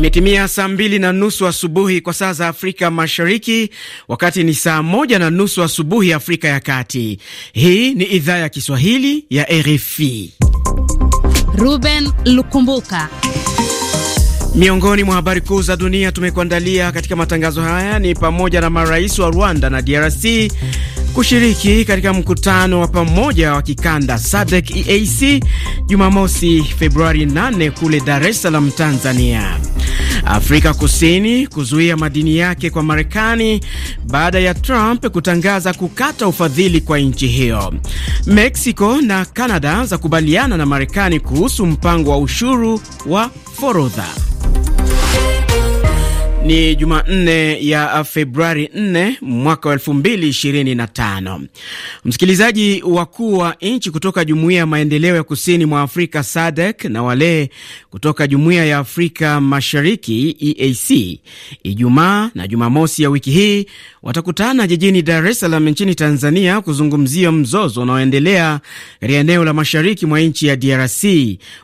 Imetimia saa mbili na nusu asubuhi kwa saa za Afrika Mashariki, wakati ni saa moja na nusu asubuhi Afrika ya Kati. Hii ni idhaa ya Kiswahili ya RFI. Ruben Lukumbuka. Miongoni mwa habari kuu za dunia tumekuandalia katika matangazo haya ni pamoja na marais wa Rwanda na DRC kushiriki katika mkutano wa pamoja wa kikanda SADC EAC Jumamosi Februari 8 kule Dar es Salaam, Tanzania. Afrika Kusini kuzuia madini yake kwa Marekani baada ya Trump kutangaza kukata ufadhili kwa nchi hiyo. Mexico na Canada zakubaliana na Marekani kuhusu mpango wa ushuru wa forodha. Ni Jumanne ya Februari 4 mwaka wa 2025. Msikilizaji, wakuu wa nchi kutoka Jumuiya ya Maendeleo ya Kusini mwa Afrika SADC na wale kutoka Jumuiya ya Afrika Mashariki EAC Ijumaa na Jumamosi ya wiki hii watakutana jijini Dar es Salaam nchini Tanzania kuzungumzia mzozo unaoendelea katika eneo la mashariki mwa nchi ya DRC.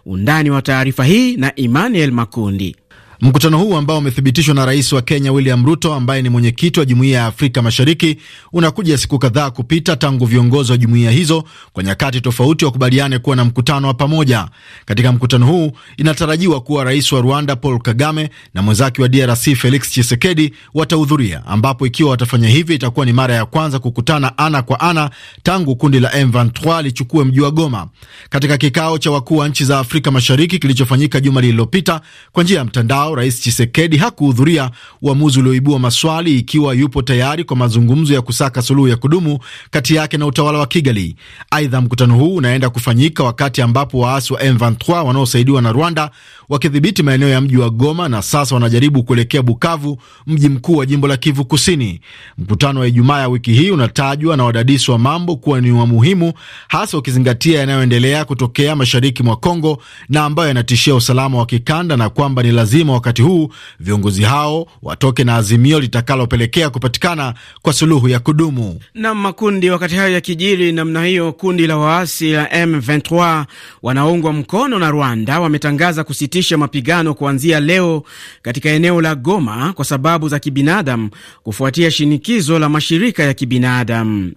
Undani wa taarifa hii na Emmanuel Makundi. Mkutano huu ambao umethibitishwa na rais wa Kenya William Ruto, ambaye ni mwenyekiti wa jumuiya ya Afrika Mashariki, unakuja siku kadhaa kupita tangu viongozi wa jumuiya hizo kwa nyakati tofauti wakubaliane kuwa na mkutano wa pamoja. Katika mkutano huu inatarajiwa kuwa rais wa Rwanda Paul Kagame na mwenzake wa DRC Felix Tshisekedi watahudhuria, ambapo ikiwa watafanya hivi itakuwa ni mara ya kwanza kukutana ana kwa ana tangu kundi la M23 lichukue mji wa Goma. Katika kikao cha wakuu wa nchi za Afrika Mashariki kilichofanyika juma lililopita kwa njia ya mtandao ambao Rais Chisekedi hakuhudhuria, uamuzi ulioibua maswali ikiwa yupo tayari kwa mazungumzo ya kusaka suluhu ya kudumu kati yake na utawala wa Kigali. Aidha, mkutano huu unaenda kufanyika wakati ambapo waasi wa M23 wanaosaidiwa na Rwanda wakidhibiti maeneo ya mji wa Goma na sasa wanajaribu kuelekea Bukavu, mji mkuu wa jimbo la Kivu Kusini. Mkutano wa Ijumaa ya wiki hii unatajwa na wadadisi wa mambo kuwa ni wa muhimu, hasa ukizingatia yanayoendelea kutokea mashariki mwa Kongo na ambayo yanatishia usalama wa kikanda, na kwamba ni lazima wakati huu viongozi hao watoke na azimio litakalopelekea kupatikana kwa suluhu ya kudumu. Na makundi wakati hayo yakijiri namna hiyo, kundi la waasi la M23 wanaoungwa mkono na Rwanda wametangaza kusitisha kusitisha mapigano kuanzia leo katika eneo la Goma kwa sababu za kibinadamu kufuatia shinikizo la mashirika ya kibinadamu.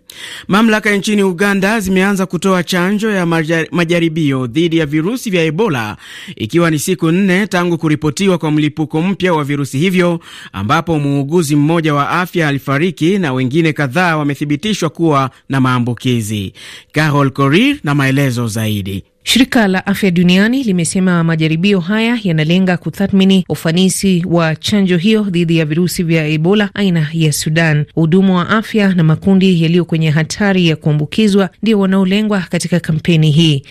Mamlaka nchini Uganda zimeanza kutoa chanjo ya majaribio dhidi ya virusi vya Ebola ikiwa ni siku nne tangu kuripotiwa kwa mlipuko mpya wa virusi hivyo ambapo muuguzi mmoja wa afya alifariki na wengine kadhaa wamethibitishwa kuwa na maambukizi. Carol Korir na maelezo zaidi. Shirika la Afya Duniani limesema majaribio haya yanalenga kutathmini ufanisi wa chanjo hiyo dhidi ya virusi vya Ebola aina ya Sudan. Wahudumu wa afya na makundi yaliyo kwenye hatari ya kuambukizwa ndio wanaolengwa katika kampeni hii.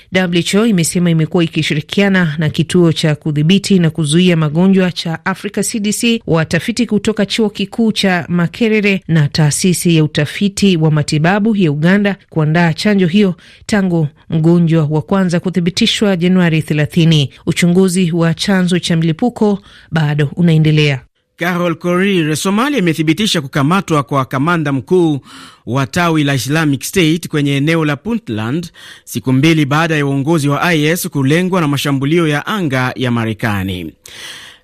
WHO imesema imekuwa ikishirikiana na kituo cha kudhibiti na kuzuia magonjwa cha Africa CDC, watafiti kutoka chuo kikuu cha Makerere na taasisi ya utafiti wa matibabu ya Uganda kuandaa chanjo hiyo tangu mgonjwa wa kwanza za kuthibitishwa Januari 30. Uchunguzi wa chanzo cha mlipuko bado unaendelea. Carol Korir. Somalia imethibitisha kukamatwa kwa kamanda mkuu wa tawi la Islamic State kwenye eneo la Puntland siku mbili baada ya uongozi wa IS kulengwa na mashambulio ya anga ya Marekani.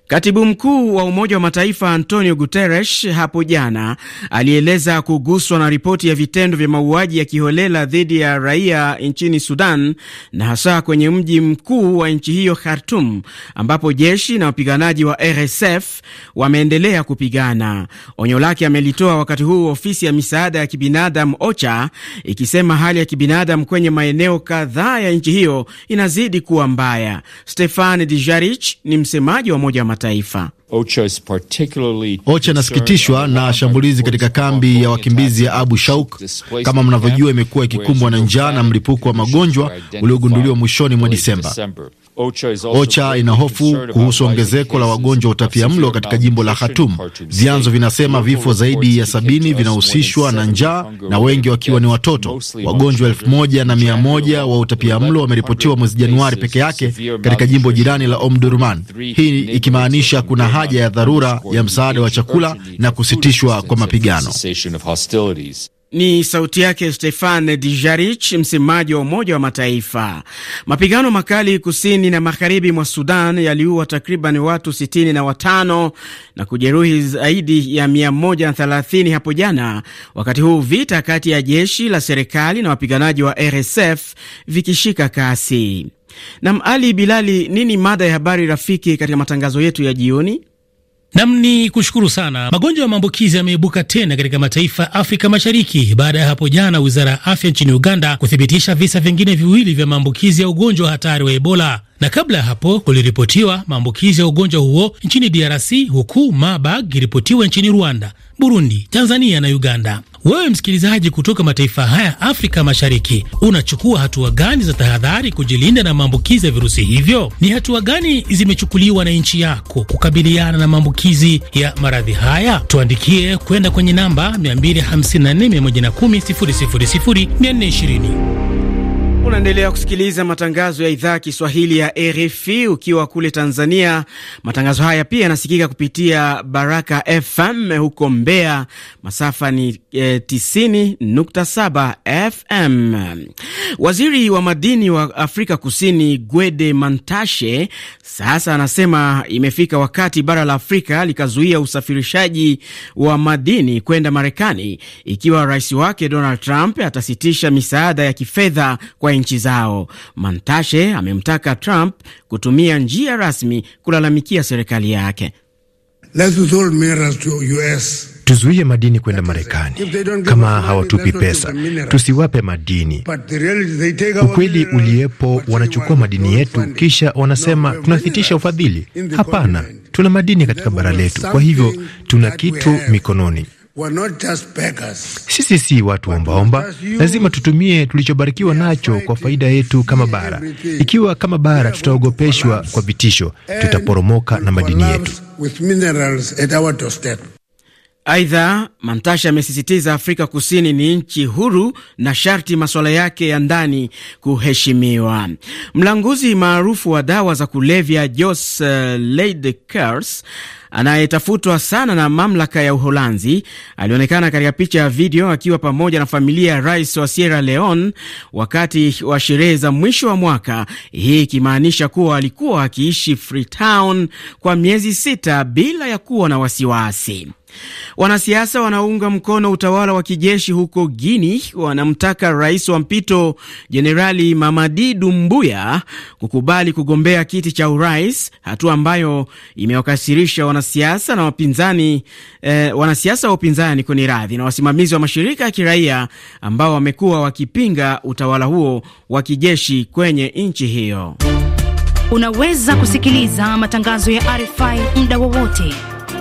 Katibu mkuu wa Umoja wa Mataifa Antonio Guterres hapo jana alieleza kuguswa na ripoti ya vitendo vya mauaji ya kiholela dhidi ya raia nchini Sudan na hasa kwenye mji mkuu wa nchi hiyo Khartum, ambapo jeshi na wapiganaji wa RSF wameendelea kupigana. Onyo lake amelitoa wakati huu ofisi ya misaada ya kibinadamu OCHA ikisema hali ya kibinadamu kwenye maeneo kadhaa ya nchi hiyo inazidi kuwa mbaya. Stefan Dijarich ni msemaji wa Umoja Mataifa. OCHA inasikitishwa na shambulizi katika kambi ya wakimbizi ya Abu Shauk. Kama mnavyojua, imekuwa ikikumbwa na njaa na mlipuko wa magonjwa uliogunduliwa mwishoni mwa Disemba. OCHA ina hofu kuhusu ongezeko la wagonjwa wa mlo katika jimbo la Khartoum. Vyanzo vinasema vifo zaidi ya sabini vinahusishwa na njaa na wengi wakiwa ni watoto. Wagonjwa elfu moja na mia moja wa mlo wameripotiwa mwezi Januari peke yake katika jimbo jirani la Omdurman, hii ikimaanisha kuna haja ya dharura ya msaada wa chakula na kusitishwa kwa mapigano. Ni sauti yake Stefan Dijarich, msemaji wa Umoja wa Mataifa. Mapigano makali kusini na magharibi mwa Sudan yaliua takriban watu 65 na na kujeruhi zaidi ya 130 hapo jana, wakati huu vita kati ya jeshi la serikali na wapiganaji wa RSF vikishika kasi. Nam Ali Bilali, nini mada ya habari rafiki katika matangazo yetu ya jioni? Nam ni kushukuru sana. Magonjwa ya maambukizi yameibuka tena katika mataifa ya Afrika Mashariki baada ya hapo jana wizara ya afya nchini Uganda kuthibitisha visa vingine viwili vya maambukizi ya ugonjwa hatari wa Ebola, na kabla ya hapo kuliripotiwa maambukizi ya ugonjwa huo nchini DRC, huku Marburg ikiripotiwa nchini Rwanda. Burundi, Tanzania na Uganda. Wewe msikilizaji, kutoka mataifa haya Afrika Mashariki, unachukua hatua gani za tahadhari kujilinda na maambukizi ya virusi hivyo? Ni hatua gani zimechukuliwa na nchi yako kukabiliana na maambukizi ya maradhi haya? Tuandikie kwenda kwenye namba 420. Unaendelea kusikiliza matangazo ya idhaa Kiswahili ya RFI ukiwa kule Tanzania. Matangazo haya pia yanasikika kupitia Baraka FM huko Mbeya, masafa ni eh, 90.7 FM. Waziri wa madini wa Afrika Kusini Gwede Mantashe sasa anasema imefika wakati bara la Afrika likazuia usafirishaji wa madini kwenda Marekani ikiwa rais wake Donald Trump atasitisha misaada ya kifedha kwa nchi zao. Mantashe amemtaka Trump kutumia njia rasmi kulalamikia serikali yake. Tuzuie madini kwenda Marekani. Kama hawatupi pesa, tusiwape madini. Ukweli uliyepo wanachukua madini yetu, kisha wanasema tunathitisha ufadhili. Hapana, tuna madini katika bara letu, kwa hivyo tuna kitu mikononi. Sisi si watu ombaomba, lazima tutumie tulichobarikiwa nacho kwa faida yetu kama bara. Ikiwa kama bara tutaogopeshwa kwa vitisho, tutaporomoka na madini yetu. Aidha, Mantasha amesisitiza Afrika Kusini ni nchi huru na sharti masuala yake ya ndani kuheshimiwa. Mlanguzi maarufu wa dawa za kulevya Jos uh, eh, Leidekers anayetafutwa sana na mamlaka ya Uholanzi alionekana katika picha ya video akiwa pamoja na familia ya rais wa Sierra Leone wakati wa sherehe za mwisho wa mwaka, hii ikimaanisha kuwa alikuwa akiishi Freetown kwa miezi sita bila ya kuwa na wasiwasi. Wanasiasa wanaunga mkono utawala wa kijeshi huko Guini wanamtaka rais wa mpito Jenerali Mamadi Dumbuya kukubali kugombea kiti cha urais, hatua ambayo imewakasirisha wanasiasa na wapinzani eh, wanasiasa wa upinzani kwenye radhi na wasimamizi wa mashirika ya kiraia ambao wamekuwa wakipinga utawala huo wa kijeshi kwenye nchi hiyo. Unaweza kusikiliza matangazo ya RFI muda wowote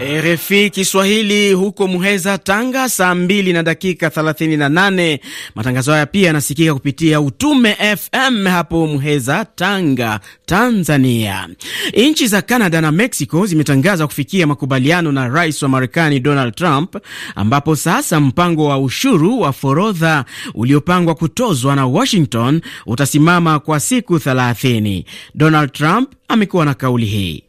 E, RFI Kiswahili huko Muheza, Tanga, saa 2 na dakika 38. Matangazo haya pia yanasikika kupitia Utume FM hapo Muheza, Tanga, Tanzania. Nchi za Canada na Mexico zimetangaza kufikia makubaliano na rais wa Marekani Donald Trump, ambapo sasa mpango wa ushuru wa forodha uliopangwa kutozwa na Washington utasimama kwa siku 30. Donald Trump amekuwa na kauli hii.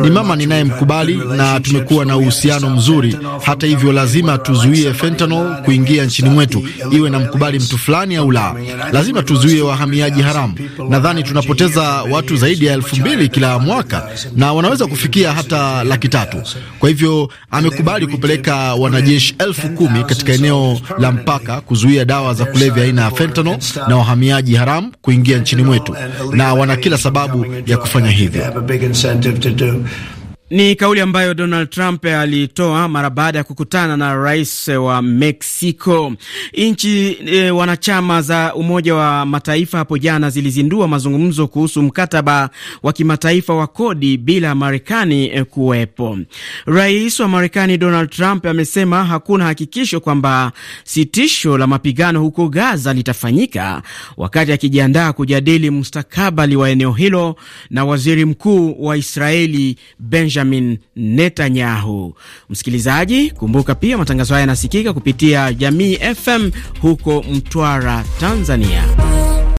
Ni mama ninayemkubali na tumekuwa na uhusiano mzuri. Hata hivyo, lazima tuzuie fentanyl kuingia nchini mwetu, iwe na mkubali mtu fulani au la. Lazima tuzuie wahamiaji haramu. Nadhani tunapoteza watu zaidi ya elfu mbili kila mwaka na wanaweza kufikia hata laki tatu. Kwa hivyo, amekubali kupeleka wanajeshi elfu kumi katika eneo la mpaka kuzuia dawa za kulevya aina ya fentanyl na wahamiaji haramu kuingia nchini mwetu, na wana kila sababu ya kufanya hivyo. big incentive to do. Ni kauli ambayo Donald Trump alitoa mara baada ya kukutana na rais wa Mexico. Nchi e, wanachama za Umoja wa Mataifa hapo jana zilizindua mazungumzo kuhusu mkataba wa kimataifa wa kodi bila Marekani e, kuwepo. Rais wa Marekani Donald Trump amesema hakuna hakikisho kwamba sitisho la mapigano huko Gaza litafanyika, wakati akijiandaa kujadili mustakabali wa eneo hilo na waziri mkuu wa Israeli Benjamin Benjamin Netanyahu. Msikilizaji, kumbuka pia matangazo haya yanasikika kupitia Jamii FM huko Mtwara, Tanzania.